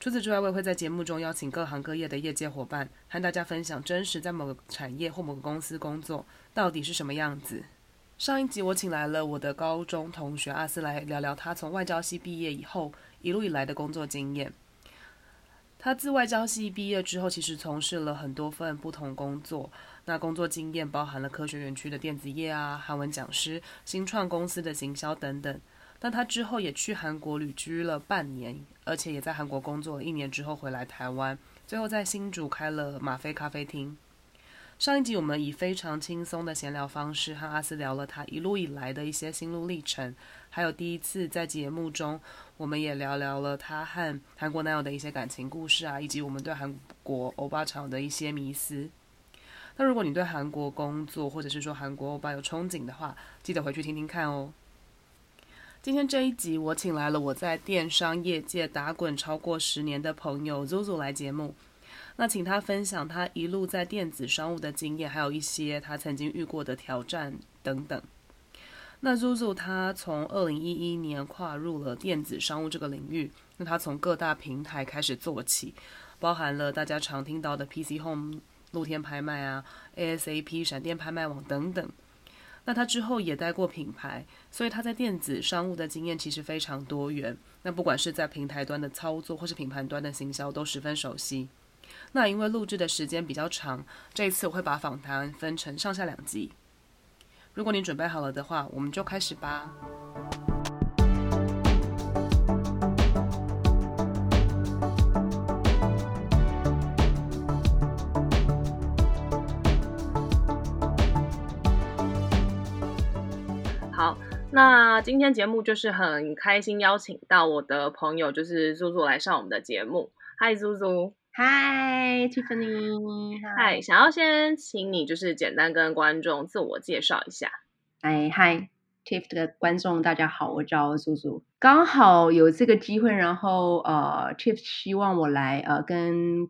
除此之外，我也會在節目中邀請各行各業的業界伙伴，和大家分享真實在某個產業或某個公司工作到底是什麼樣子。上一集我請來了我的高中同學阿斯來聊聊他從外交系畢業以後一路以來的工作經驗。他自外交系畢業之後，其實從事了很多份不同工作，那工作經驗包含了科學園區的電子業啊、韓文講師、新創公司的行銷等等。那他之後也去韓國旅居了半年，而且也在韓國工作了一年之後回來台灣，最後在新竹開了嗎啡咖啡廳。上一集我們以非常輕鬆的閒聊方式和阿斯聊了他一路以來的一些心路歷程，還有第一次在節目中，我們也聊聊了他和韓國男友的一些感情故事啊，以及我們對韓國歐巴常有的一些迷思。那如果你對韓國工作或者是說韓國歐巴有憧憬的話，記得回去聽聽看哦。今天這一集，我請來了我在電商業界打滾超過十年的朋友 Zuzu 來節目，那請他分享他一路在電子商務的經驗，還有一些他曾經遇過的挑戰等等。那 Zuzu 他從2011年跨入了電子商務這個領域，那他從各大平台開始做起，包含了大家常聽到的 PC Home，露天拍賣啊，ASAP 閃電拍賣網等等。那他之後也帶過品牌，所以他在電子商務的經驗其實非常多元。那不管是在平台端的操作，或是品牌端的行銷，都十分熟悉。那因為錄製的時間比較長，這一次我會把訪談分成上下兩集。如果你準備好了的話，我們就開始吧。那今天節目就是很開心邀請到我的朋友，就是 Zuzu 來上我們的節目。嗨，Zuzu。嗨，Tiffany。嗨，想要先請你就是簡單跟觀眾自我介紹一下。哎嗨，Tiff 的觀眾大家好，我叫 Zuzu。剛好有這個機會，然後呃，Tiff 希望我來呃跟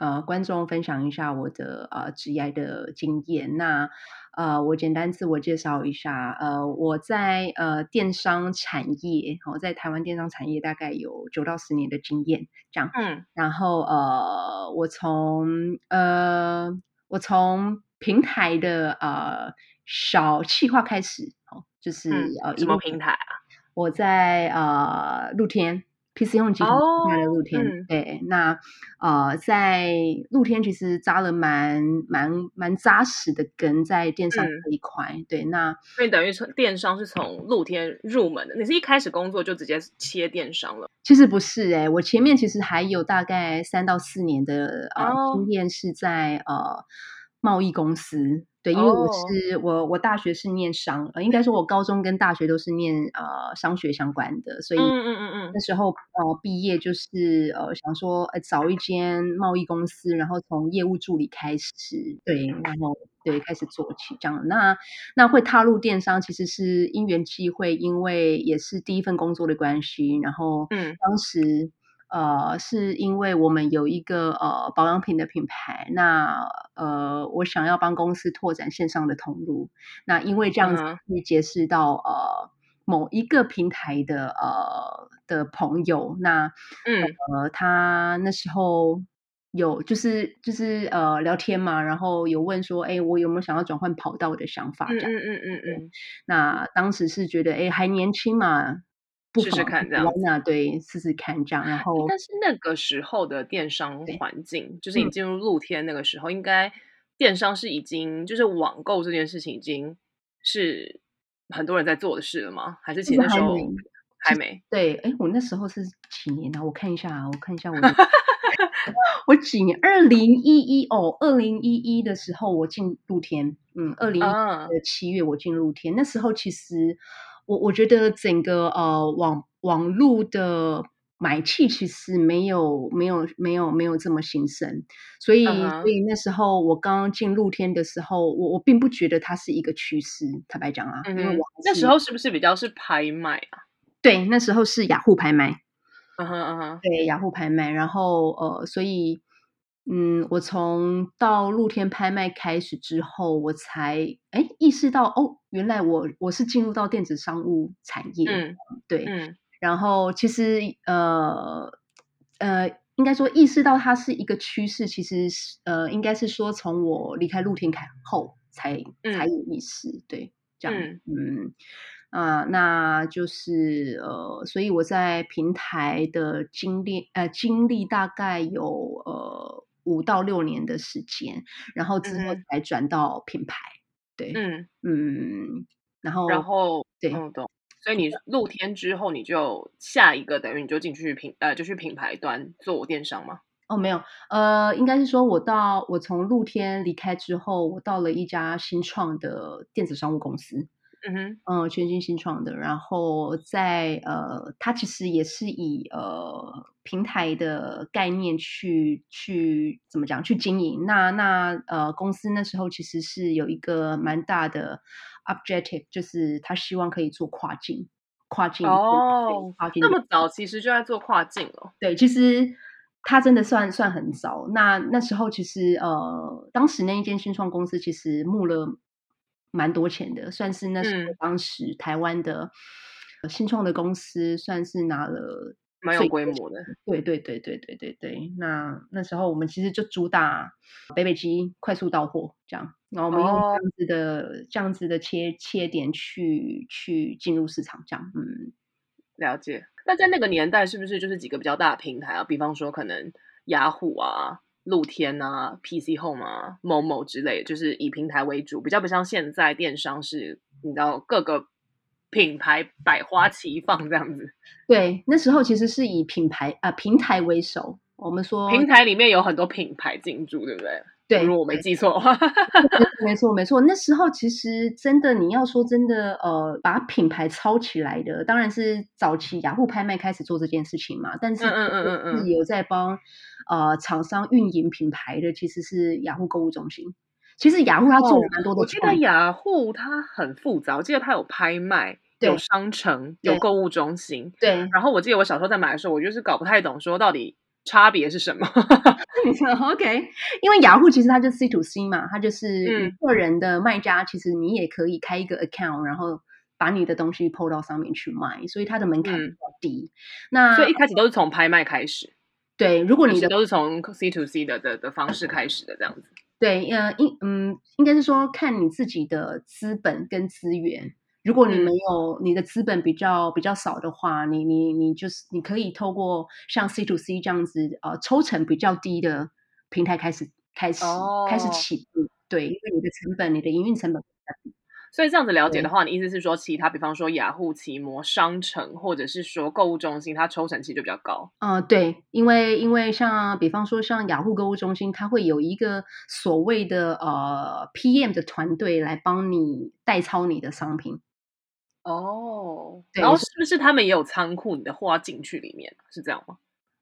呃觀眾分享一下我的呃職業的經驗那。呃，我簡單自我介紹一下，呃，我在呃電商產業，我、哦、在台灣電商產業大概有九到十年的經驗，這樣，嗯，然後呃，我從呃，我從平台的呃小企劃開始，哦，就是呃什麼平台啊？我在呃露天，PC home 集團開了露天。oh, 嗯、對，那呃，在露天其實紮了蠻蠻蠻紮實的根在電商這一塊，嗯、對，那所以等於說電商是從露天入門的。你是一開始工作就直接切電商了？其實不是哎、欸，我前面其實還有大概三到四年的呃經驗、oh. 是在呃貿易公司。對，因為我是，oh. 我我大學是念商，呃，應該說我高中跟大學都是念呃商學相關的，所以嗯嗯嗯那時候，mm hmm. 呃畢業就是呃想說呃找一間貿易公司，然後從業務助理開始，對，然後對開始做起這樣。那那會踏入電商其實是因緣際會，因為也是第一份工作的關係，然後嗯當時。Mm hmm. 呃，是因為我們有一個呃保養品的品牌，那呃，我想要幫公司拓展線上的通路，那因為這樣子可以結識到、嗯、呃某一個平台的呃的朋友，那、嗯、呃，他那時候有就是就是呃聊天嘛，然後有問說，哎，我有沒有想要轉換跑道的想法？這樣嗯嗯嗯嗯嗯。那當時是覺得，哎，還年輕嘛。試試看這樣、啊，對，試試看這樣。然後，但是那個時候的電商環境，對就是你進入露天那個時候，嗯、應該電商是已經就是網購這件事情已經是很多人在做的事了嗎？還是前的時候還沒？還沒就是、對，哎、欸，我那時候是幾年呢、啊？我看一下、啊，我看一下我的，我 我幾年？二零一一哦，二零一一的時候我進露天，嗯，二零一一的七月我進露天，嗯、那時候其實。我我覺得整個呃網網絡的買氣其實沒有沒有沒有沒有這麼興盛，所以、uh huh. 所以那時候我剛剛進露天的時候，我我並不覺得它是一個趨勢。坦白講啊，uh huh. 因為我那時候是不是比較是拍賣啊？對，那時候是雅虎拍賣。嗯哼嗯哼，huh, uh huh. 對雅虎拍賣，然後呃，所以。嗯，我從到露天拍賣開始之後，我才哎意識到哦，原來我我是進入到電子商務產業，嗯，對，嗯，然後其實呃呃，應該說意識到它是一個趨勢，其實是呃，應該是說從我離開露天開後才、嗯、才有意識，對，這樣，嗯，啊、嗯呃，那就是呃，所以我在平台的經歷呃經歷大概有呃。五到六年的時間，然後之後才轉到品牌，嗯、對，嗯嗯，然後然後對、嗯，所以你露天之後，你就下一個等於你就進去品呃，就去品牌端做電商嗎？哦，沒有，呃，應該是說我到我從露天離開之後，我到了一家新創的電子商務公司。嗯哼，嗯，全新新創的，然後在呃，他其實也是以呃平台的概念去去怎麼講去經營。那那呃，公司那時候其實是有一個蠻大的 objective，就是他希望可以做跨境，跨境哦，oh，跨境那麼早，其實就在做跨境哦。對，其實他真的算算很早。那那時候其實呃，當時那一間新創公司其實募了。蠻多錢的，算是那時候當時台灣的新創的公司，算是拿了、嗯、蠻有規模的。對對對對對對對。那那時候我們其實就主打北北基快速到貨這樣，然後我們用這樣子的、哦、這樣子的切切點去去進入市場這樣。嗯，了解。那在那個年代，是不是就是幾個比較大的平台啊？比方說可能雅虎、ah、啊。露天啊，PC Home 啊，momo 之類，就是以平台為主，比較不像現在電商是，你知道各個品牌百花齊放這樣子。對，那時候其實是以品牌啊、呃、平台為首，我們說平台裡面有很多品牌進駐，對不對？對，嗯、如果我沒記錯的話，哈哈哈， 沒錯沒錯，那時候其實真的，你要說真的，呃，把品牌抄起來的，當然是早期雅虎拍賣開始做這件事情嘛。但是，嗯嗯嗯嗯，有在幫、嗯嗯嗯、呃廠商運營品牌的，其實是雅虎購物中心。其實雅虎它做了蠻多的、嗯，我記得雅虎它很複雜，我記得它有拍賣，對有商城，有購物中心。對。對，然後我記得我小時候在買的時候，我就是搞不太懂，說到底，差別是什麼 ？OK，因為雅虎其實它就是 C to C 嘛，它就是個人的賣家，嗯、其實你也可以開一個 account，然後把你的東西 PO 到上面去賣，所以它的門檻比較低。嗯、那所以一開始都是從拍賣開始，嗯、對，如果你的都是從 C to C 的的的方式開始的 okay. 這樣子，對，呃，應嗯，應該是說看你自己的資本跟資源。如果你沒有、嗯、你的資本比較比較少的話，你你你就是你可以透過像 C to C 這樣子呃抽成比較低的平台開始開始、哦、開始起步，對，因為你的成本你的營運成本比較低。所以這樣子了解的話，對你意思是說其他比方說雅虎奇摩商城或者是說購物中心，它抽成其實就比較高。啊、呃，對，因為因為像比方說像雅虎購物中心，它會有一個所謂的呃 PM 的團隊來幫你代操你的商品。哦，oh, 對然後是不是他們也有倉庫？你的貨要進去裡面對是這樣嗎？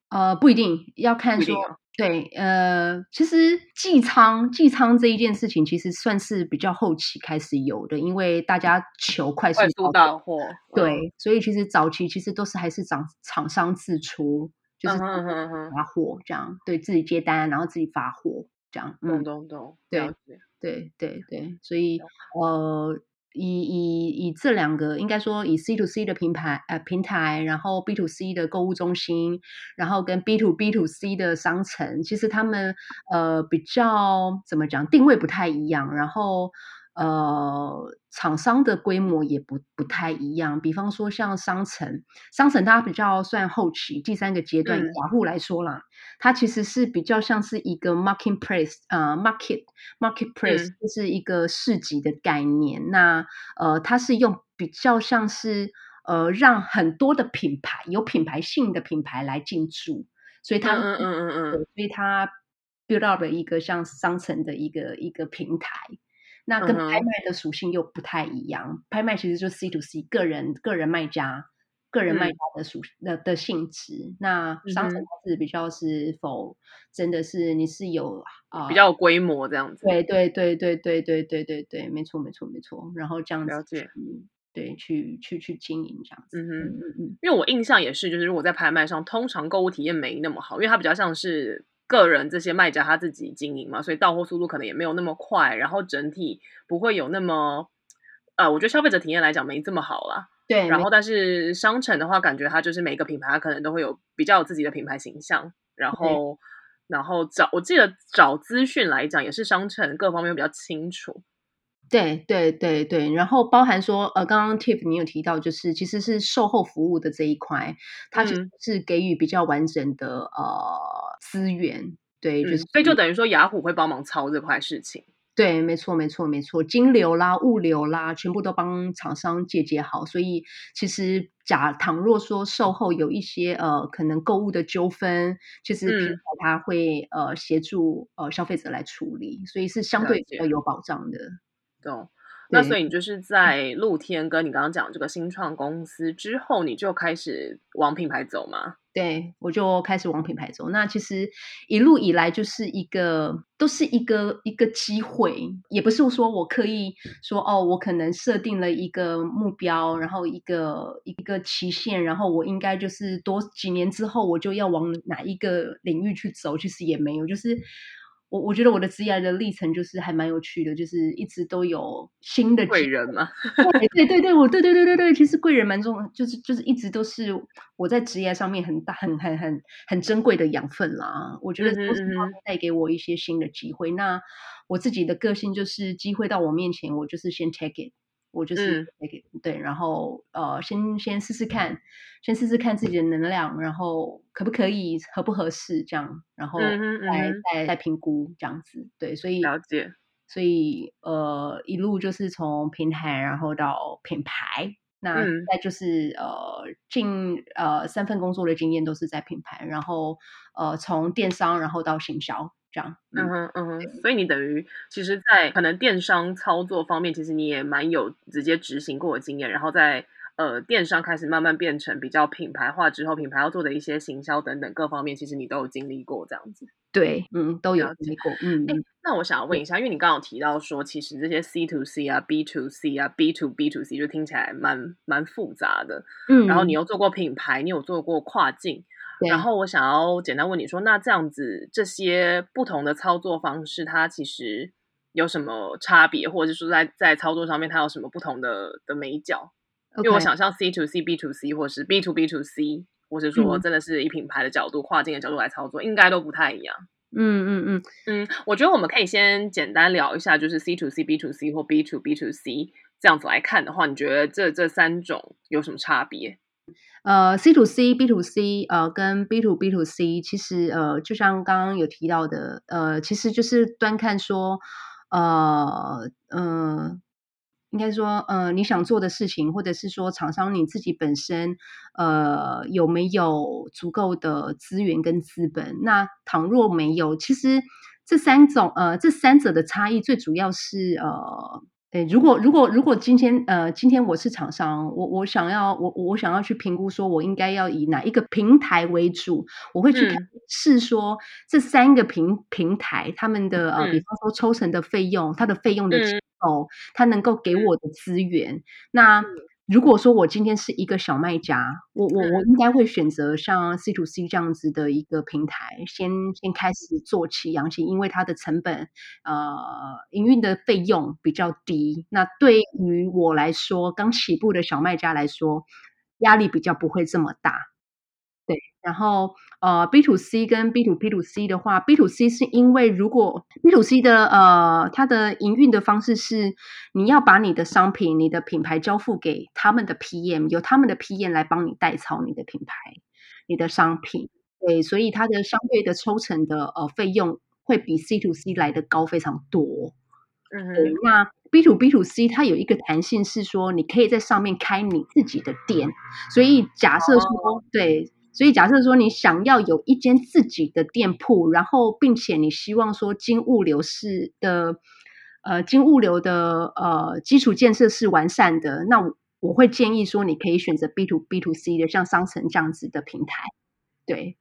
呃，不一定，要看說要對，呃，其實寄倉寄倉這一件事情，其實算是比較後期開始有的，因為大家求快速快速到貨，對，嗯、所以其實早期其實都是還是廠廠商自出，就是發貨這樣，對自己接單然後自己發貨這樣，懂懂懂，對對對對對，所以、嗯、呃。以以以這兩個應該說以 C to C 的平台呃，平台，然後 B to C 的購物中心，然後跟 B to B to C 的商城，其實他們呃，比較怎麼講，定位不太一樣，然後。呃，廠商的規模也不不太一樣。比方說，像商城，商城它比較算後期第三個階段，雅虎、嗯、來說啦，它其實是比較像是一個 market place 呃 market market place，就是一個市集的概念。嗯、那呃，它是用比較像是呃，讓很多的品牌有品牌性的品牌來進駐，所以它嗯嗯嗯嗯，嗯嗯嗯所以它 build up 了一個像商城的一個一個平台。那跟拍賣的屬性又不太一樣，嗯、哼拍賣其實就是 C to C 個人個人賣家，個人賣家的屬、嗯、的的性質，那商城它是比較是否真的是你是有啊、嗯呃、比較有規模這樣子？對對對對對對對對對，沒錯沒錯沒錯，然後這樣子去了解對去去去經營這樣子，嗯哼嗯嗯嗯，因為我印象也是，就是如果在拍賣上通常購物體驗沒那麼好，因為它比較像是。個人這些賣家他自己經營嘛，所以到貨速度可能也沒有那麼快，然後整體不會有那麼，呃，我覺得消費者體驗來講沒這麼好啦。對。然後，但是商城的話，感覺它就是每個品牌它可能都會有比較有自己的品牌形象，然後，對然後找我記得找資訊來講也是商城各方面比較清楚。對對對對，然後包含說呃，剛剛 Tif 你有提到就是其實是售後服務的這一塊，它是給予比較完整的、嗯、呃。資源對，嗯、就是，所以就等於說，雅虎會幫忙操這塊事情。對，沒錯，沒錯，沒錯，金流啦、物流啦，全部都幫廠商解決好。所以其實假倘若說售後有一些呃可能購物的糾紛，其實平台它會、嗯、呃協助呃消費者來處理，所以是相對比較有保障的。懂、嗯。對那所以你就是在露天跟你剛剛講這個新創公司之後，你就開始往品牌走嗎？對，我就開始往品牌走。那其實一路以來就是一個，都是一個一個機會，也不是說我刻意說哦，我可能設定了一個目標，然後一個一個期限，然後我應該就是多幾年之後我就要往哪一個領域去走，其實也沒有，就是。我我覺得我的職涯的歷程就是還蠻有趣的，就是一直都有新的貴人嘛、啊，對對對，我對對對對對，其實貴人蠻重的，就是就是一直都是我在職涯上面很大很很很很珍貴的養分啦。我覺得都是他帶給我一些新的機會。嗯嗯，那我自己的個性就是機會到我面前，我就是先 take it。我就是對，對，然後呃，先先試試看，先試試看自己的能量，然後可不可以合不合適這樣，然後再再再評估這樣子。對，所以了解，所以呃，一路就是從平台，然後到品牌，那再就是呃，近呃三份工作的經驗都是在品牌，然後呃，從電商，然後到行銷。這樣，嗯哼，嗯哼，所以你等於其實，在可能電商操作方面，其實你也蠻有直接執行過的經驗。然後在呃電商開始慢慢變成比較品牌化之後，品牌要做的一些行銷等等各方面，其實你都有經歷過這樣子。對，嗯，都有經歷過，嗯。那我想要問一下，對因為你剛剛有提到說，其實這些 C to C 啊、B to C 啊、B to B to C 就聽起來蠻蠻複雜的。嗯，然後你又做過品牌，你有做過跨境。Okay. 然後我想要簡單問你說，那這樣子這些不同的操作方式，它其實有什麼差別，或者是說在在操作上面它有什麼不同的的眉角？Okay. 因為我想像 C to C、B to C 或者是 B to B to C，或是說真的是以品牌的角度、嗯、跨境的角度來操作，應該都不太一樣。嗯嗯嗯嗯，我覺得我們可以先簡單聊一下，就是 C to C、B to C 或 B to B to C 這樣子來看的話，你覺得這這三種有什麼差別？呃，C to C、B to C，呃，跟 B to B to C，其實呃，就像剛剛有提到的，呃，其實就是端看說，呃，嗯、呃、應該說，呃，你想做的事情，或者是說，廠商你自己本身，呃，有沒有足夠的資源跟資本？那倘若沒有，其實這三種，呃，這三者的差異最主要是呃。對，如果如果如果今天呃，今天我是廠商，我我想要我我想要去評估，說我應該要以哪一個平台為主，我會去試說這三個平、嗯、平台，他們的呃，比方說抽成的費用，它的費用的結構，嗯、它能夠給我的資源，那。嗯如果說我今天是一個小賣家，我我我應該會選擇像 C to C 這樣子的一個平台，先先開始做起養起，因為它的成本呃，營運的費用比較低。那對於我來說，剛起步的小賣家來說，壓力比較不會這麼大。對，然後呃，B to C 跟 B to B to C 的話，B to C 是因為如果 B to C 的呃，它的營運的方式是你要把你的商品、你的品牌交付給他們的 PM，由他們的 PM 來幫你代操你的品牌、你的商品，對，所以它的相對的抽成的呃費用會比 C to C 來得高非常多。嗯哼，那 B to B to C 它有一個彈性是說，你可以在上面開你自己的店，所以假設說、哦、對。所以假設說你想要有一間自己的店鋪，然後並且你希望說金物流是的，呃，金物流的呃基礎建設是完善的，那我，我會建議說你可以選擇 B to B to C 的像商城這樣子的平台，對，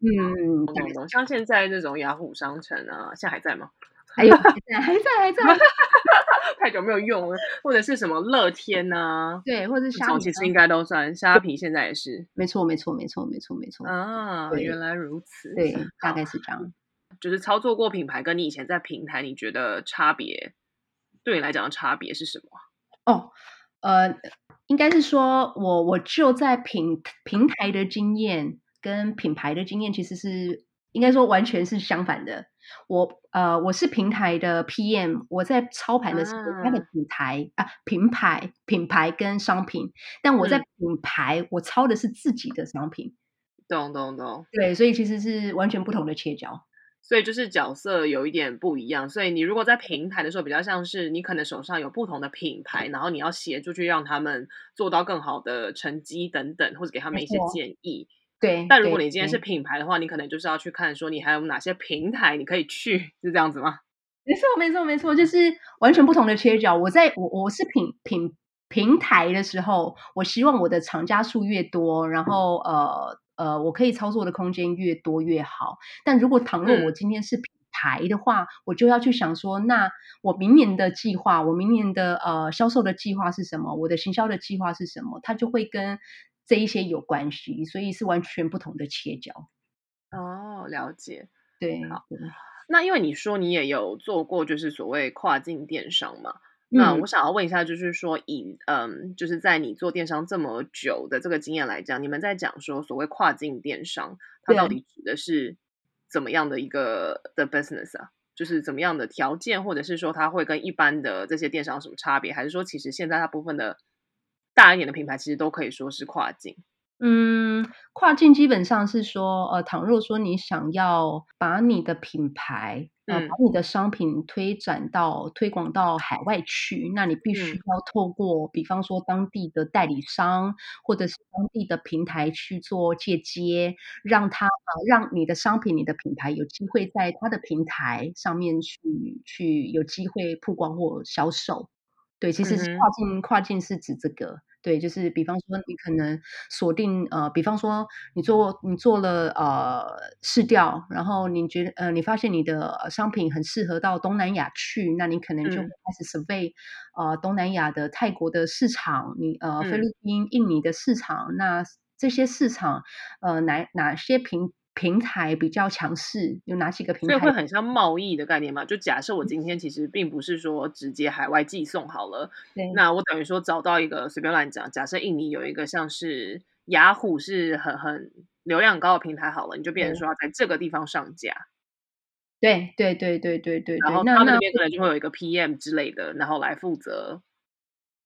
嗯，嗯對像現在那種雅虎商城啊，現在還在嗎？還有還在還在還在。還在還在 太久沒有用了，或者是什麼樂天吶、啊？對，或者是蝦皮，其實應該都算。蝦皮現在也是，沒錯，沒錯，沒錯，沒錯，沒錯。啊，對，原來如此。對，對大概是這樣。就是操作過品牌，跟你以前在平台，你覺得差別，對你來講的差別是什麼？哦，呃，應該是說我我就在平平台的經驗跟品牌的經驗其實是。應該說完全是相反的。我呃，我是平台的 PM，我在操盤的時候它的平台啊，啊，品牌、品牌跟商品。但我在品牌，嗯、我操的是自己的商品。懂懂懂。嗯嗯嗯、對，所以其實是完全不同的切角，所以就是角色有一點不一樣。所以你如果在平台的時候，比較像是你可能手上有不同的品牌，然後你要協助去讓他們做到更好的成績等等，或者給他們一些建議。對，但如果你今天是品牌的話，你可能就是要去看說你還有哪些平台你可以去，是這樣子嗎？沒錯，沒錯，沒錯，就是完全不同的切角。我在我我是品品平台的時候，我希望我的廠家數越多，然後呃呃，我可以操作的空間越多越好。但如果倘若我今天是品牌的話，嗯、我就要去想說，那我明年的計劃，我明年的呃銷售的計劃是什麼？我的行銷的計劃是什麼？它就會跟。這一些有關係，所以是完全不同的切角。哦，了解。對，好。對那因為你說你也有做過，就是所謂跨境電商嘛。嗯，那我想要問一下，就是說以嗯，就是在你做電商這麼久的這個經驗來講，你們在講說所謂跨境電商，它到底指的是怎麼樣的一個的 business 啊？對就是怎麼樣的條件，或者是說它會跟一般的這些電商有什麼差別？還是說其實現在它部分的？大一點的品牌其實都可以說是跨境。嗯，跨境基本上是說，呃，倘若說你想要把你的品牌，嗯、呃，把你的商品推展到推廣到海外去，那你必須要透過、嗯、比方說當地的代理商或者是當地的平台去做借接，讓他啊、呃、讓你的商品、你的品牌有機會在他的平台上面去去有機會曝光或銷售。對，其實跨境、嗯、跨境是指這個。對，就是比方說，你可能鎖定呃，比方說你做你做了呃市調，然後你覺得呃你發現你的商品很適合到東南亞去，那你可能就會開始 survey、嗯、呃東南亞的泰國的市場，你呃菲律賓、印尼的市場，嗯、那這些市場呃哪哪些平台？平台比較強勢，有哪幾個平台？所以會很像貿易的概念嘛。就假設我今天其實並不是說直接海外寄送好了，嗯、那我等於說找到一個隨便亂講，假設印尼有一個像是雅虎、ah、是很很流量很高的平台好了，你就變成說要在這個地方上架。對對對對對對。然後他那邊可能就會有一個 PM 之類的，然後來負責，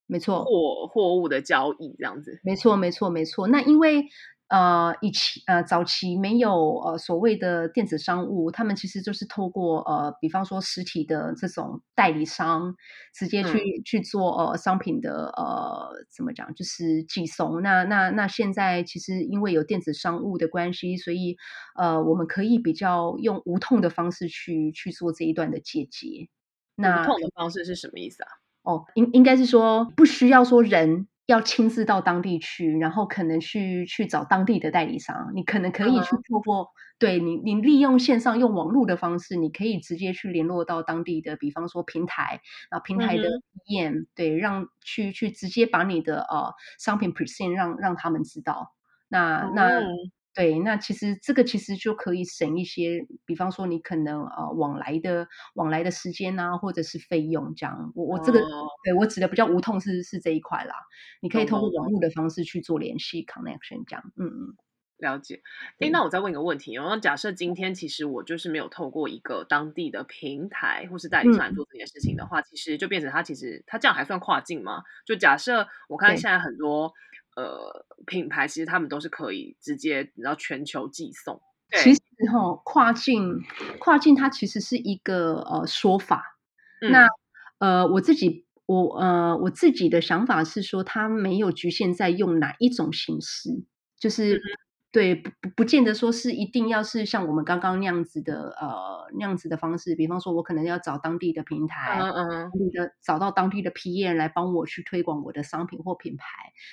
沒錯，貨貨物的交易這樣子。沒錯沒錯沒錯。那因為。呃，以前呃，早期沒有呃所謂的電子商務，他們其實就是透過呃，比方說實體的這種代理商，直接去、嗯、去做呃商品的呃怎麼講，就是寄送。那那那現在其實因為有電子商務的關係，所以呃我們可以比較用無痛的方式去去做這一段的結節。那無痛的方式是什麼意思啊？哦，應應該是說不需要說人。要親自到當地去，然後可能去去找當地的代理商。你可能可以去透過、uh huh. 對你，你利用線上用網絡的方式，你可以直接去聯絡到當地的，比方說平台啊，平台的店，uh huh. 對，讓去去直接把你的呃、uh, 商品 present 讓讓他們知道。那、uh huh. 那。對，那其實這個其實就可以省一些，比方說你可能呃往來的往來的時間啊，或者是費用這樣。我我這個、哦、對我指的比較無痛是是這一塊啦，你可以通過網絡的方式去做聯繫 connection、嗯、這樣，嗯嗯，了解。誒，那我再問一個問題啊，對假設今天其實我就是沒有透過一個當地的平台或是代理商來做這件事情的話，嗯、其實就變成他其實他這樣還算跨境嗎？就假設我看現在很多，呃，品牌其實他們都是可以直接然後全球寄送。其實哈、哦，跨境跨境它其實是一個呃說法。嗯、那呃，我自己我呃我自己的想法是說，它沒有局限在用哪一種形式，就是、嗯。對，不不不見得說是一定要是像我們剛剛那樣子的呃那樣子的方式。比方說，我可能要找當地的平台，嗯嗯、uh，uh. 找到當地的批驗來幫我去推廣我的商品或品牌。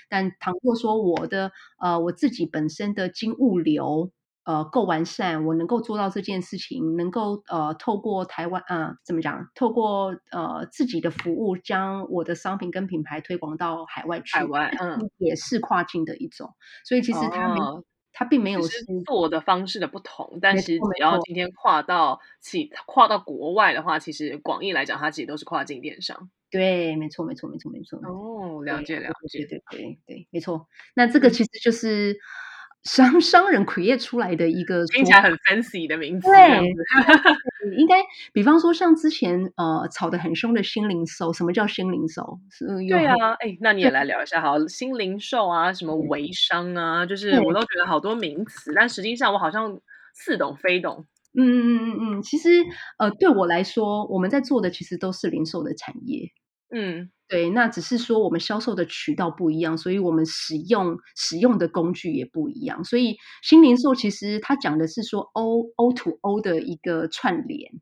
但倘若說我的呃我自己本身的金物流呃夠完善，我能夠做到這件事情，能夠呃透過台灣啊、呃、怎麼講？透過呃自己的服務，將我的商品跟品牌推廣到海外去。海外嗯、uh uh. 也是跨境的一種，所以其實他們。Uh uh. 它並沒有做的方式的不同，錯但是只要今天跨到起錯跨到國外的話，其實廣義來講，它其實都是跨境電商。對，沒錯，沒錯，沒錯，沒錯。哦，了解，了解，對，對，對，沒錯。那這個其實就是商商人 create 出來的一個聽起來很 fancy 的名字。對 應該，比方說像之前呃，炒得很凶的新零售，什麼叫新零售？對啊，哎、欸，那你也來聊一下好，好對，新零售啊，什麼微商啊，就是我都覺得好多名詞，對但實際上我好像似懂非懂。嗯嗯嗯嗯嗯，其實呃，對我來說，我們在做的其實都是零售的產業。嗯。對，那只是說我們銷售的渠道不一樣，所以我們使用使用的工具也不一樣。所以新零售其實它講的是說 O to O 的一個串聯。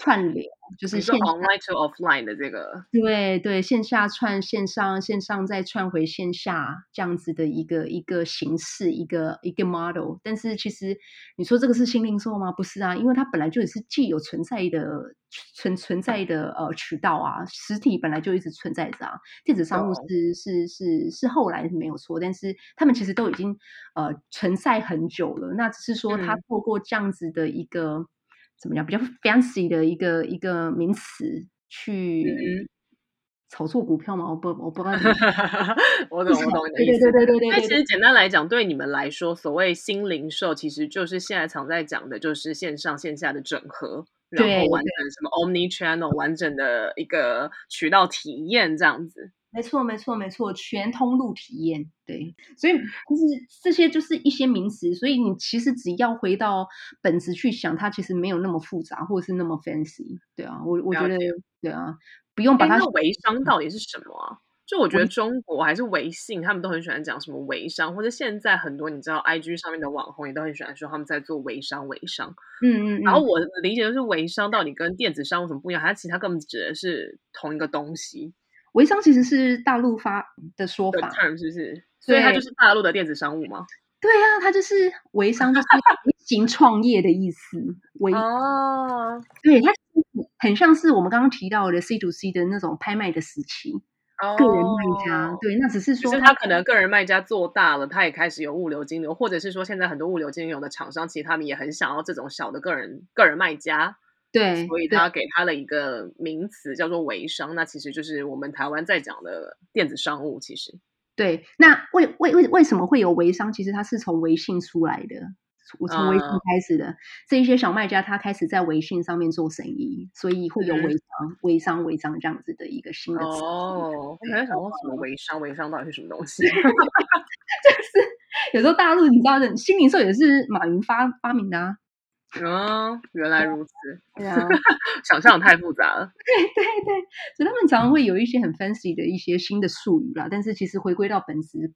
串聯就是你 online to offline 的這個，對對，線下串線上，線上再串回線下，這樣子的一個一個形式，一個一個 model。但是其實你說這個是新零售嗎？不是啊，因為它本來就也是既有存在的存存在的呃渠道啊，實體本來就一直存在着啊。電子商務是對是是是後來是沒有錯，但是他們其實都已經呃存在很久了，那只是說他透過這樣子的一個。嗯怎麼樣？比較 fancy 的一個一個名詞去炒作股票嗎？對我不我不知道 我懂。我懂我懂。對對，對對對對對。但其實簡單來講，對你們來說，所謂新零售，其實就是現在常在講的，就是線上線下的整合，然後完成什麼 omni channel 完整的一個渠道體驗，這樣子。沒錯，沒錯，沒錯，全通路體驗。對，所以就是這些，就是一些名詞。所以你其實只要回到本質去想，它其實沒有那麼複雜，或者是那麼 fancy。對啊，我解我覺得，對啊，不用把它、欸、微商到底是什麼、啊？就我覺得中國還是微信，我他們都很喜歡講什麼微商，或者現在很多你知道，IG 上面的網紅也都很喜歡說他們在做微商，微商。嗯，嗯嗯。然後我理解的是微商到底跟電子商務有什麼不一樣？其實它其其他根本指的是同一個東西？微商其實是大陸發的說法，是不是？所以它就是大陸的電子商務嗎？對，對啊，它就是微商，就是微型創業的意思。 微哦，對，它很像是我們剛剛提到的 C to C 的那種拍賣的時期。哦，個人賣家，對，那只是說他可能個人賣家做大了，他也開始有物流金流或者是說現在很多物流金流的廠商，其實他們也很想要這種小的個人個人賣家。對，對，所以他給他的一個名詞叫做微商，對那其實就是我們台灣在講的電子商務。其實，對，那為為為為什麼會有微商？其實他是從微信出來的，從微信開始的、嗯、這一些小賣家，他開始在微信上面做生意，所以會有微商、嗯、微商、微商這樣子的一個新的詞。哦，我還然想到還在想說，什麼微商、微商到底是什麼東西？ 就是有時候大陸你知道的，新零售也是馬雲發發明的啊。哦、原來如此，對啊、 想象太複雜了。對對對，所以他們常常會有一些很 fancy 的一些新的術語啦。但是其實回歸到本質，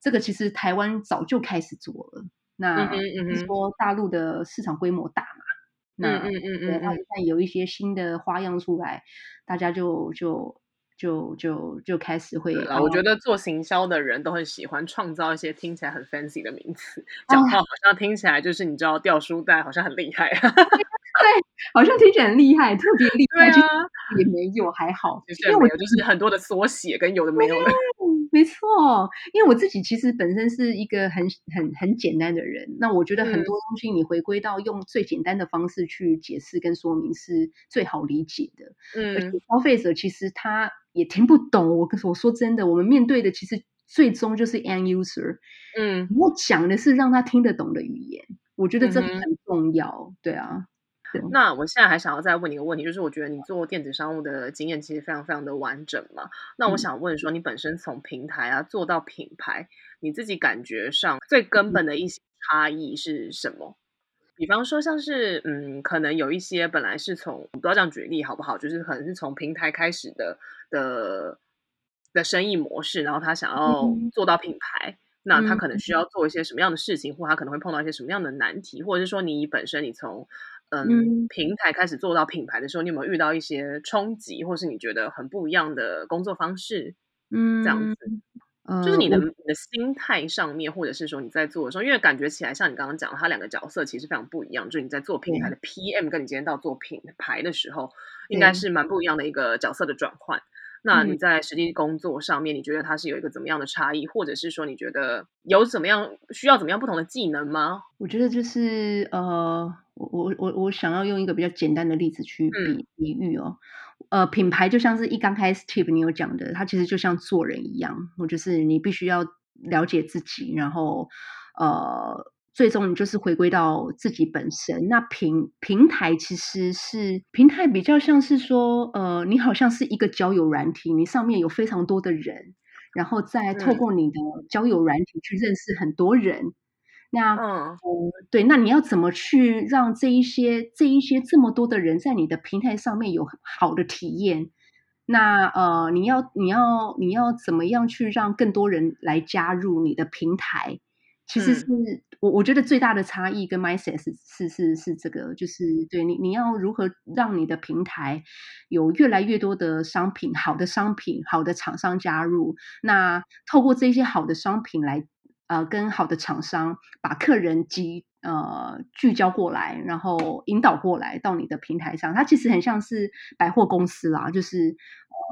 這個其實台灣早就開始做了。那是說大陸的市場規模大嘛？嗯嗯嗯嗯，那一旦有一些新的花樣出來，大家就就。就就就開始會了。我覺得做行銷的人都很喜歡創造一些聽起來很 fancy 的名詞，講、oh，話好像聽起來就是你知道掉書袋，好像很厲害。對， 對，好像聽起來很厲害，特別厲害。對啊、也沒有還好，有就是很多的縮寫跟有的沒有的。沒錯，因為我自己其實本身是一個很很很簡單的人。那我覺得很多東西你回歸到用最簡單的方式去解釋跟說明是最好理解的。嗯，消費者其實他，也聽不懂。我跟你說真的，我們面對的其實最終就是 end user。嗯，我講的是讓他聽得懂的語言，我覺得這很重要。嗯、哼對啊，對，那我現在還想要再問你一個問題，就是我覺得你做電子商務的經驗其實非常非常的完整嘛？那我想問說，嗯、你本身從平台啊做到品牌，你自己感覺上最根本的一些差異是什麼？嗯、比方說像是嗯，可能有一些本來是從不要這樣舉例好不好？就是可能是從平台開始的。的的生意模式，然後他想要做到品牌，嗯、那他可能需要做一些什麼樣的事情，嗯、或他可能會碰到一些什麼樣的難題，或者是說你本身你從、呃、嗯平台開始做到品牌的時候，你有沒有遇到一些衝擊，或是你覺得很不一樣的工作方式？嗯，這樣子，就是你的、呃、你的心態上面，或者是說你在做的時候，因為感覺起來像你剛剛講的，他兩個角色其實非常不一樣，就是你在做平台的 PM，跟你今天到做品牌的時候，嗯、應該是蠻不一樣的一個角色的轉換。那你在實際工作上面，嗯、你覺得它是有一個怎麼樣的差異，或者是說你覺得有怎麼樣需要怎麼樣不同的技能嗎？我覺得就是呃，我我我想要用一個比較簡單的例子去比、嗯、比喻哦，呃，品牌就像是一剛開始 Tiffany 你有講的，它其實就像做人一樣，我就是你必須要了解自己，然後呃。最終你就是回歸到自己本身。那平平台其實是平台比較像是說，呃，你好像是一個交友軟體，你上面有非常多的人，然後再透過你的交友軟體去認識很多人。嗯那嗯、呃，對，那你要怎麼去讓這一些這一些這麼多的人在你的平台上面有好的體驗？那呃，你要你要你要怎麼樣去讓更多人來加入你的平台？其實是。嗯我我覺得最大的差異跟 Myself 是是是這個，就是對你你要如何讓你的平台有越來越多的商品，好的商品，好的廠商加入，那透過這些好的商品來，呃，跟好的廠商把客人集呃聚焦過來，然後引導過來到你的平台上，它其實很像是百貨公司啦，就是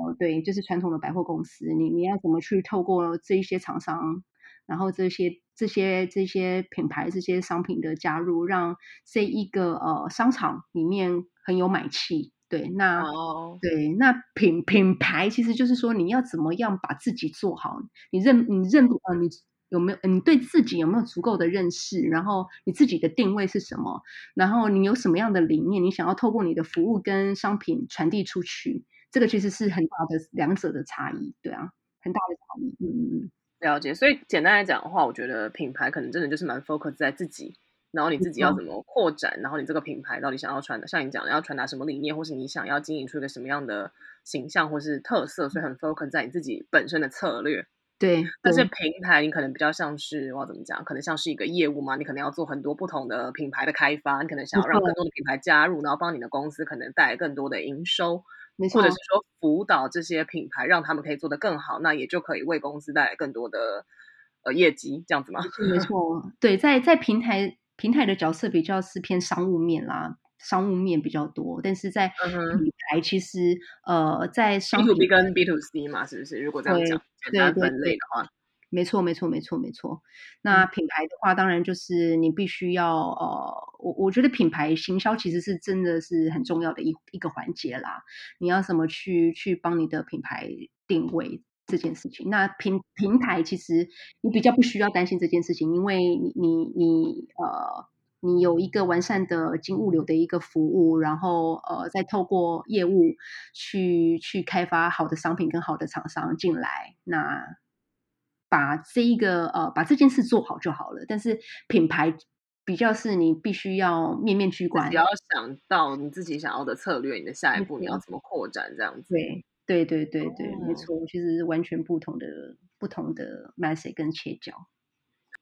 呃對，就是傳統的百貨公司，你你要怎麼去透過這一些廠商。然後這些這些這些品牌這些商品的加入，讓這一個呃商場裡面很有買氣。對，那、哦、對那品品牌其實就是說，你要怎麼樣把自己做好？你認你認不到你？你有沒有？你對自己有沒有足夠的認識？然後你自己的定位是什麼？然後你有什麼樣的理念？你想要透過你的服務跟商品傳遞出去？這個其實是很大的兩者的差異，對啊，很大的差異。嗯嗯嗯。了解，所以簡單來講的話，我覺得品牌可能真的就是蠻 focus 在自己，然後你自己要怎麼擴展，錯然後你這個品牌到底想要傳達，像你講的要傳達什麼理念，或是你想要經營出一個什麼樣的形象或是特色，所以很 focus 在你自己本身的策略。對，對。但是平台你可能比較像是，哇，怎麼講？可能像是一個業務嘛，你可能要做很多不同的品牌的開發，你可能想要讓更多的品牌加入，錯然後幫你的公司可能帶來更多的營收。或者是說輔導這些品牌，錯讓他們可以做得更好，那也就可以為公司帶來更多的呃業績，這樣子嗎？沒錯，對，在在平台平台的角色比較是偏商務面啦，商務面比較多，但是在品牌其實、嗯、哼呃在商 B to B 跟 B to C 嘛，是不是？如果這樣講，對簡單分類的話。沒錯，沒錯，沒錯，沒錯。那品牌的話，當然就是你必須要呃，我我覺得品牌行銷其實是真的是很重要的一一個環節啦。你要怎麼去去幫你的品牌定位這件事情，那平平台其實你比較不需要擔心這件事情，因為你你你呃，你有一個完善的金物流的一個服務，然後呃，再透過業務去去開發好的商品跟好的廠商進來那，把這一個呃，把這件事做好就好了。但是品牌比較是你必須要面面俱到，你要想到你自己想要的策略，你的下一步你要怎麼擴展，這樣子。對對對對對，哦、沒錯，就是完全不同的不同的 message 跟切角。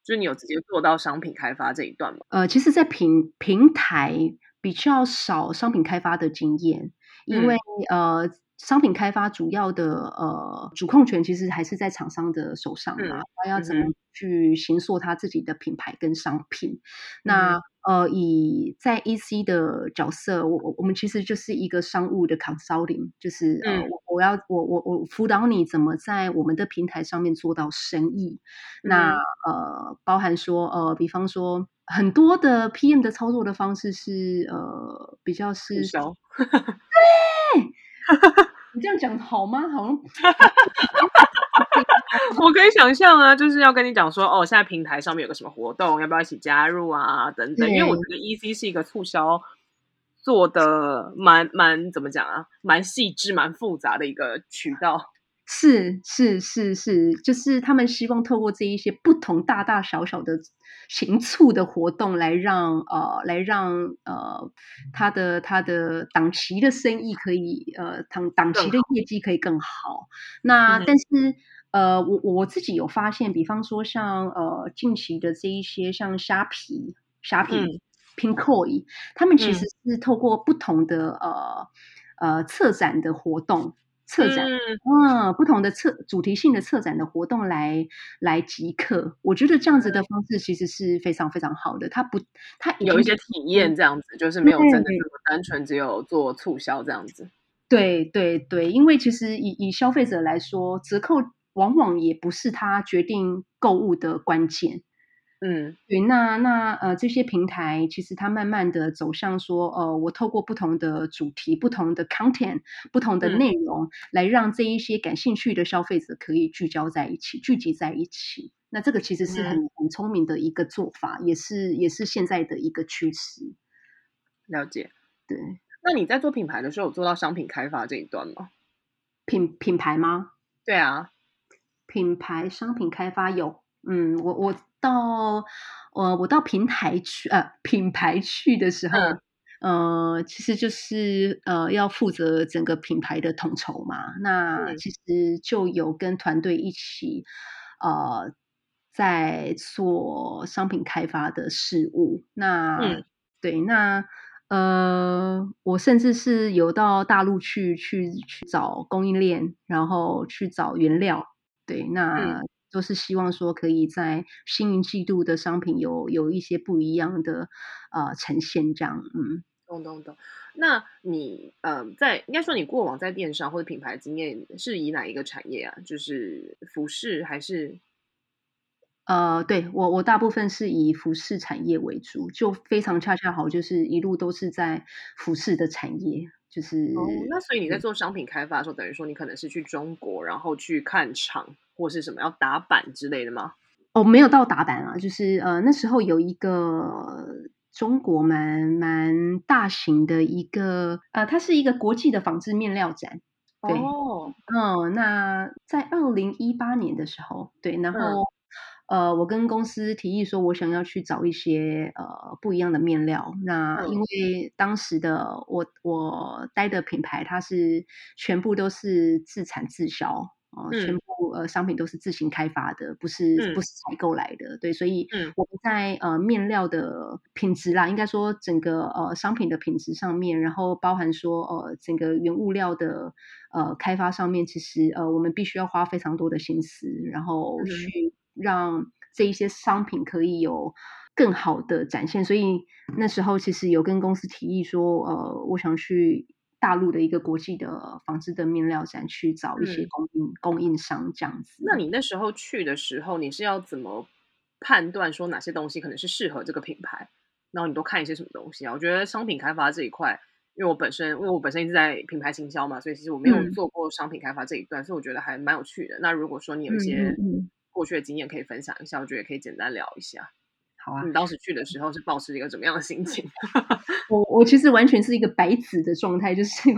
就是你有直接做到商品開發這一段嗎？呃，其實在，在平平台比較少商品開發的經驗，嗯、因為呃。商品開發主要的呃主控權其實還是在廠商的手上啊，他、嗯、要怎麼去形塑他自己的品牌跟商品。嗯、那呃以在 E C 的角色，我我們其實就是一個商務的 consulting，就是、嗯呃、我我要我我我輔導你怎麼在我們的平台上面做到生意。嗯、那呃包含說呃比方說很多的 P M 的操作的方式是呃比較是，對很熟。 欸 你這樣講好嗎？好像， 我可以想象啊，就是要跟你講說，哦，現在平台上面有個什麼活動，要不要一起加入啊？等等，因為我覺得 EC 是一個促銷做的蠻蠻怎麼講啊，蠻細緻、蠻複雜的一個渠道。是是是是，就是他們希望透過這一些不同大大小小的行促的活動來、呃，來讓呃來讓呃他的他的檔期的生意可以呃檔檔期的業績可以更好。更好，那嗯嗯，但是呃我我自己有發現，比方說像呃近期的這一些像蝦皮蝦皮 Pinkoi 他們其實是透過不同的、嗯、呃呃策展的活動。策展，嗯、啊，不同的策主題性的策展的活動來來集客，我覺得這樣子的方式其實是非常非常好的。它不，它有一些體驗這樣子，嗯、就是沒有真的那麼單純，只有做促銷這樣子。對對對，因為其實以以消費者來說，折扣往往也不是他決定購物的關鍵。嗯，對，那那呃，這些平台其實它慢慢的走向說，呃，我透過不同的主題、不同的 content、不同的內容，嗯、來讓這一些感興趣的消費者可以聚焦在一起，聚集在一起。那這個其實是很很聰明的一個做法，嗯、也是也是現在的一個趨勢。了解，對。那你在做品牌的時候，有做到商品開發這一段嗎？品品牌嗎？對啊，品牌商品開發有。嗯，我我到呃，我到平台去呃、啊，品牌去的時候，嗯、呃，其實就是呃，要負責整個品牌的統籌嘛。那其實就有跟團隊一起呃，在做商品開發的事務。那、嗯、對，那呃，我甚至是有到大陸去去去找供應鏈，然後去找原料。對，那。嗯都是希望說可以在新一季度的商品有有一些不一樣的呃呈現，這樣嗯，懂懂懂。那你呃，在應該說你過往在電商或者品牌經驗是以哪一個產業啊？就是服飾還是呃，對，我我大部分是以服飾產業為主，就非常恰恰好，就是一路都是在服飾的產業。就是哦，那所以你在做商品開發的時候，等於說你可能是去中國，然後去看廠或是什麼要打板之類的嗎？哦，沒有到打板啊，就是呃，那時候有一個中國蠻蠻大型的一個呃，它是一個國際的紡織面料展。對，哦、嗯，那在二零一八年的時候，對，然後。嗯呃，我跟公司提議說，我想要去找一些呃不一樣的面料。那因為當時的我，我待的品牌，它是全部都是自產自銷，哦、呃，嗯、全部呃商品都是自行開發的，不是不是採購來的。嗯、對，所以我們在呃面料的品質啦，應該說整個呃商品的品質上面，然後包含說呃整個原物料的呃開發上面，其實呃我們必須要花非常多的心思，然後去。嗯讓這一些商品可以有更好的展現，所以那時候其實有跟公司提議說，呃，我想去大陸的一個國際的紡織的面料展去找一些供應、嗯、供應商這樣子。那你那時候去的時候，你是要怎麼判斷說哪些東西可能是適合這個品牌？然後你都看一些什麼東西啊？我覺得商品開發這一塊，因為我本身因為我本身一直在品牌行銷嘛，所以其實我沒有做過商品開發這一段，嗯、所以我覺得還蠻有趣的。那如果說你有一些。嗯嗯嗯過去的經驗可以分享一下，我覺得也可以簡單聊一下。好啊，你、嗯、當時去的時候是抱持一個怎麼樣的心情？嗯、 我我其實完全是一個白紙的狀態，就是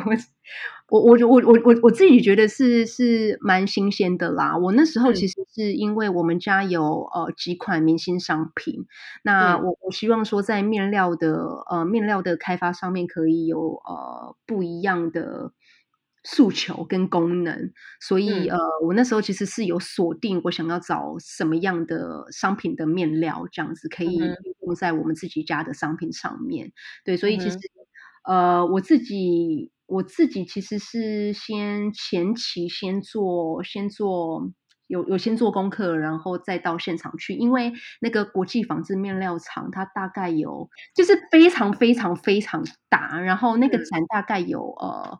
我我我我我我我自己覺得是是蠻新鮮的啦。我那時候其實是因為我們家有呃幾款明星商品，那我對我希望說在面料的呃面料的開發上面可以有呃不一樣的。訴求跟功能，所以、嗯、呃，我那時候其實是有鎖定我想要找什麼樣的商品的面料，這樣子可以用在我們自己家的商品上面。嗯嗯對，所以其實呃，我自己我自己其實是先前期先做先做有有先做功課，然後再到現場去，因為那個國際紡織面料廠它大概有就是非常非常非常大，然後那個展大概有、嗯、呃。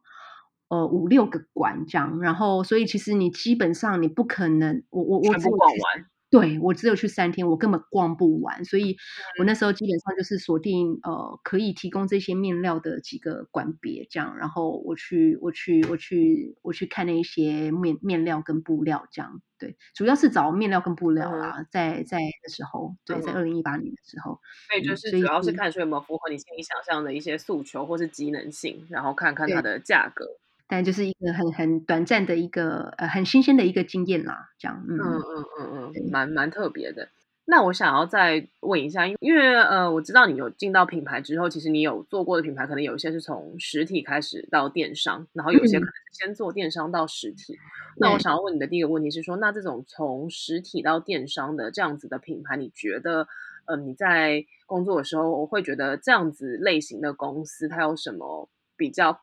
呃，五六個館這樣，然後所以其實你基本上你不可能，我我我只逛完，對，我只有去三天，我根本逛不完，所以我那時候基本上就是鎖定呃可以提供這些面料的幾個館別這樣，然後我去我去我去我去，我去看那一些面面料跟布料這樣，對，主要是找面料跟布料啊，嗯、在在的時候，對，在二零一八年的時候嗎、嗯，所以就是主要是看說有沒有符合你心裡想象的一些訴求或是機能性，以然後看看它的價格。但就是一個很很短暫的一個呃很新鮮的一個經驗啦，這樣，嗯嗯嗯嗯，蠻蠻特別的。那我想要再問一下，因為呃我知道你有進到品牌之後，其實你有做過的品牌，可能有一些是從實體開始到電商，然後有些可能是先做電商到實體。嗯、那我想要問你的第一個問題是說，那這種從實體到電商的這樣子的品牌，你覺得呃你在工作的時候，我會覺得這樣子類型的公司它有什麼比較、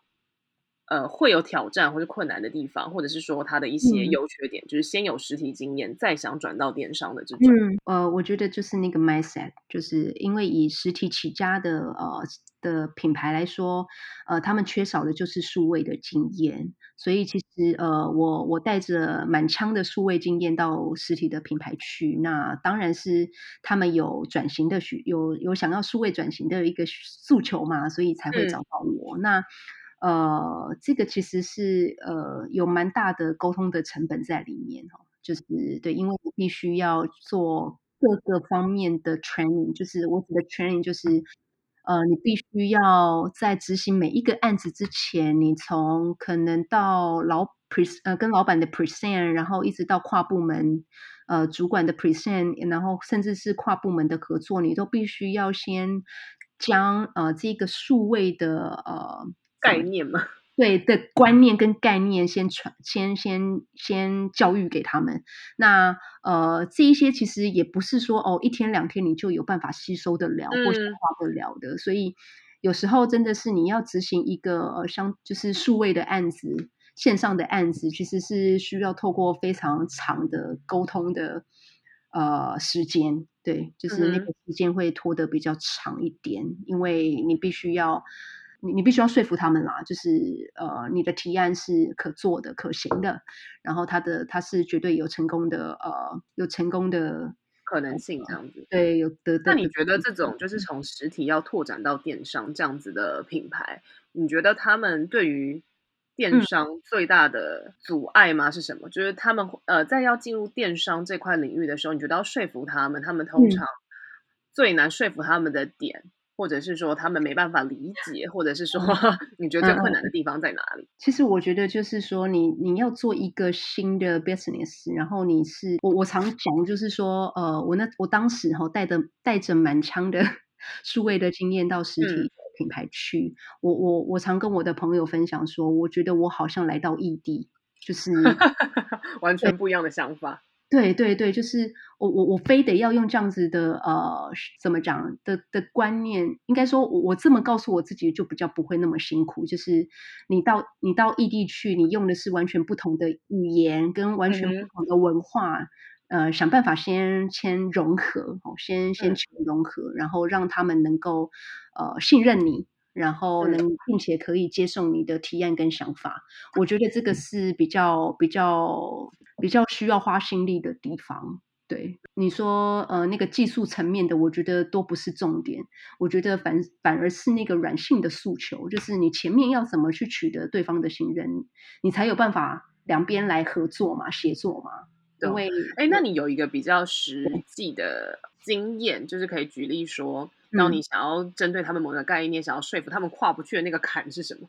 呃，會有挑戰或者困難的地方，或者是說他的一些優缺點，嗯、就是先有實體經驗，再想轉到電商的這種。嗯、呃，我覺得就是那個 mindset，就是因為以實體起家的呃的品牌來說，呃，他們缺少的就是數位的經驗。所以其實呃，我我帶着滿腔的數位經驗到實體的品牌去，那當然是他們有轉型的需有有想要數位轉型的一個訴求嘛，所以才會找到我、嗯、那。呃，這個其實是呃有蠻大的溝通的成本在裡面哈，就是對，因為你必須要做各個方面的 training，就是我指的 training 就是呃，你必須要在執行每一個案子之前，你從可能到老呃跟老板的 present，然後一直到跨部門呃主管的 present，然後甚至是跨部門的合作，你都必須要先將呃這個數位的呃。概念嘛，對的觀念跟概念先傳，先先先，先教育給他們。那呃，這一些其實也不是說哦，一天兩天你就有辦法吸收得了或消化不了的。嗯、所以有時候真的是你要執行一個呃像就是數位的案子，線上的案子，其實是需要透過非常長的溝通的呃時間，對，就是那個時間會拖得比較長一點，嗯、因為你必須要。你你必須要說服他們啦，就是呃，你的提案是可做的、可行的，然後他的他是絕對有成功的呃，有成功的可能性這樣子。呃、對，有得，得。那你覺得這種就是從實體要拓展到電商這樣子的品牌，你覺得他們對於電商最大的阻礙嗎？嗯、是什麼？就是他們呃，在要進入電商這塊領域的時候，你覺得要說服他們，他們通常最難說服他們的點？嗯或者是說他們沒辦法理解，或者是說你覺得最困難的地方在哪裡？嗯嗯嗯、其實我覺得就是說你，你你要做一個新的 business，然後你是我我常講就是說，呃，我那我當時哈、哦、帶着帶着滿腔的數位的經驗到實體品牌去，嗯、我我我常跟我的朋友分享說，我覺得我好像來到異地，就是 完全不一樣的想法。對對對，就是我我我非得要用這樣子的呃，怎麼講的的觀念，應該說我，我這麼告訴我自己，就比較不會那麼辛苦。就是你到你到異地去，你用的是完全不同的語言跟完全不同的文化，嗯、呃，想辦法先先融合，先先求融合，嗯、然後讓他們能夠呃信任你。然後能，並且可以接受你的提案跟想法，我覺得這個是比較、嗯、比較、比較需要花心力的地方。對。你說，呃，那個技術層面的，我覺得都不是重點。我覺得反反而是那個軟性的訴求，就是你前面要怎麼去取得對方的信任，你才有辦法兩邊來合作嘛、協作嘛。對。因為，哎我，那你有一個比較實際的經驗，對就是可以舉例說。那你想要針對他們某個概念，嗯、想要說服他們跨不去的那個坎是什麼？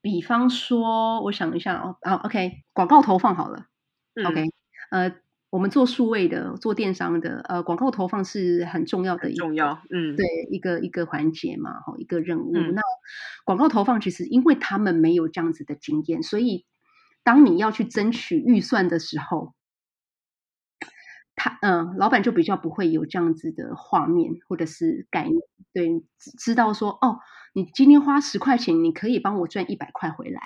比方說，我想一下哦，哦 OK 廣告投放好了、嗯、OK，呃，我們做數位的，做電商的，呃，廣告投放是很重要的一，很重要，嗯，對，一個一個環節嘛，吼，一個任務。嗯、那廣告投放其實，因為他們沒有這樣子的經驗，所以當你要去爭取預算的時候，他嗯、呃，老闆就比較不會有這樣子的畫面或者是概念，對，知道說哦，你今天花十塊錢，你可以幫我賺一百塊回來。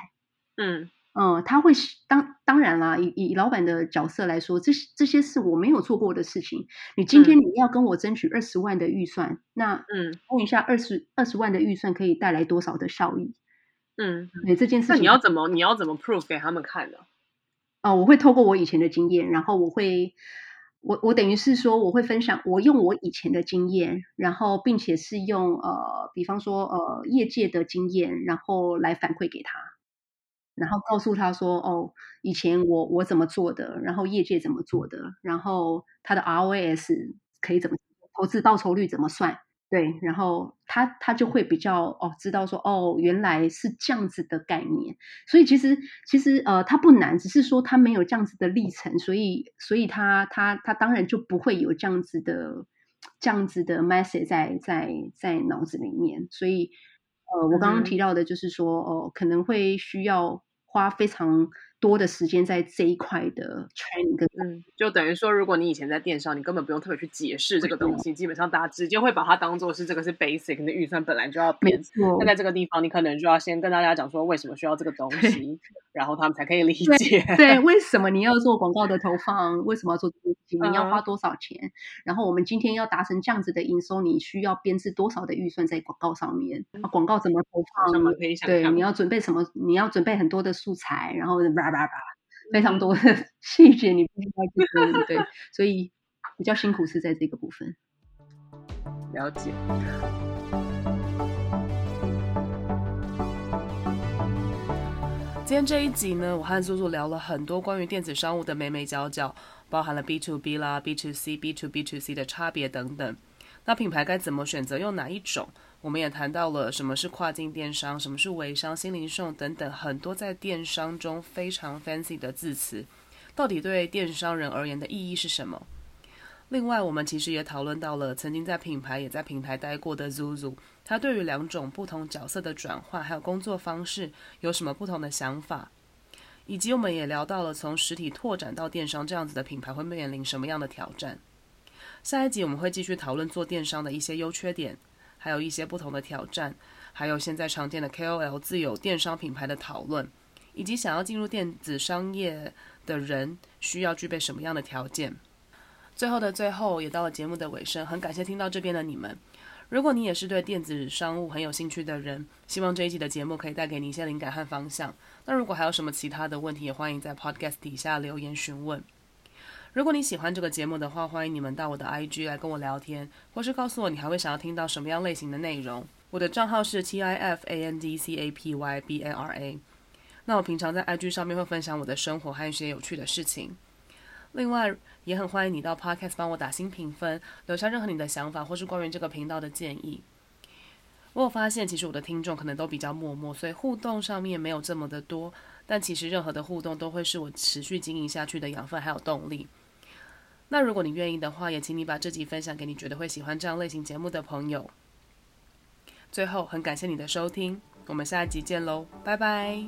嗯嗯、呃，他會當當然啦，以以老闆的角色來說，這這些是我沒有做過的事情。你今天你要跟我爭取二十萬的預算，那嗯，那問一下二十二十萬的預算可以帶來多少的效益？嗯，你這件事情，那你要怎麼你要怎麼 prove 給他們看呢？哦、呃，我會透過我以前的經驗，然後我會。我我等於是說，我會分享我用我以前的經驗，然後並且是用呃，比方說呃，業界的經驗，然後來反饋給他，然後告訴他說，哦，以前我我怎麼做的，然後業界怎麼做的，然後他的 ROS 可以怎麼投資報酬率怎麼算。對，然後他他就會比較哦，知道說哦，原來是這樣子的概念，所以其實其實呃，他不難，只是說他沒有這樣子的歷程，所以所以他他他當然就不會有這樣子的這樣子的 message 在在在腦子裡面，所以呃，我剛剛提到的就是說哦，嗯、可能會需要花非常多的時間在這一塊的 training，嗯，就等於說，如果你以前在電商，你根本不用特別去解釋這個東西，基本上大家直接會把它當做是這個是 basic 的預算，本來就要變。那在這個地方，你可能就要先跟大家講說，為什麼需要這個東西，然後他們才可以理解。對，為什麼你要做廣告的投放？為什麼要做這個事情？你要花多少錢？然後我們今天要達成這樣子的營收，你需要編制多少的預算在廣告上面？廣告怎麼投放？對，你要準備什麼？你要準備很多的素材，然後。叭叭，非常多的細節你不知道去說，對，所以比較辛苦是在這個部分。了解。今天這一集呢，我和 Zuzu 聊了很多關於電子商務的眉眉角角，包含了 B to B 啦、B to C、B to B to C 的差別等等。那品牌該怎麼選擇用哪一種？我們也談到了什麼是跨境電商，什麼是微商、新零售等等，很多在電商中非常 fancy 的字詞，到底對電商人而言的意義是什麼？另外，我們其實也討論到了曾經在品牌也在品牌待過的 Zuzu，他對於兩種不同角色的轉換，還有工作方式有什麼不同的想法？以及我們也聊到了從實體拓展到電商這樣子的品牌會面臨什麼樣的挑戰？下一集我們會繼續討論做電商的一些優缺點，還有一些不同的挑戰，還有現在常見的 KOL 自有電商品牌的討論，以及想要進入電子商業的人需要具備什麼樣的條件。最後的最後，也到了節目的尾聲，很感謝聽到這邊的你們。如果你也是對電子商務很有興趣的人，希望這一集的節目可以帶給你一些靈感和方向。那如果還有什麼其他的問題，也歡迎在 Podcast 底下留言詢問。如果你喜歡這個節目的話，歡迎你們到我的 IG 來跟我聊天，或是告訴我你還會想要聽到什麼樣類型的內容。我的賬號是 t i f a n d c a p y b a r a。那我平常在 IG 上面會分享我的生活和一些有趣的事情。另外，也很歡迎你到 Podcast 幫我打新評分，留下任何你的想法或是關於這個頻道的建議。我有發現，其實我的聽眾可能都比較默默，所以互動上面沒有這麼的多。但其實任何的互動都會是我持續經營下去的養分還有動力。那如果你願意的話，也請你把這集分享給你覺得會喜歡這樣類型節目的朋友。最後，很感謝你的收聽，我們下一集見嘍，拜拜。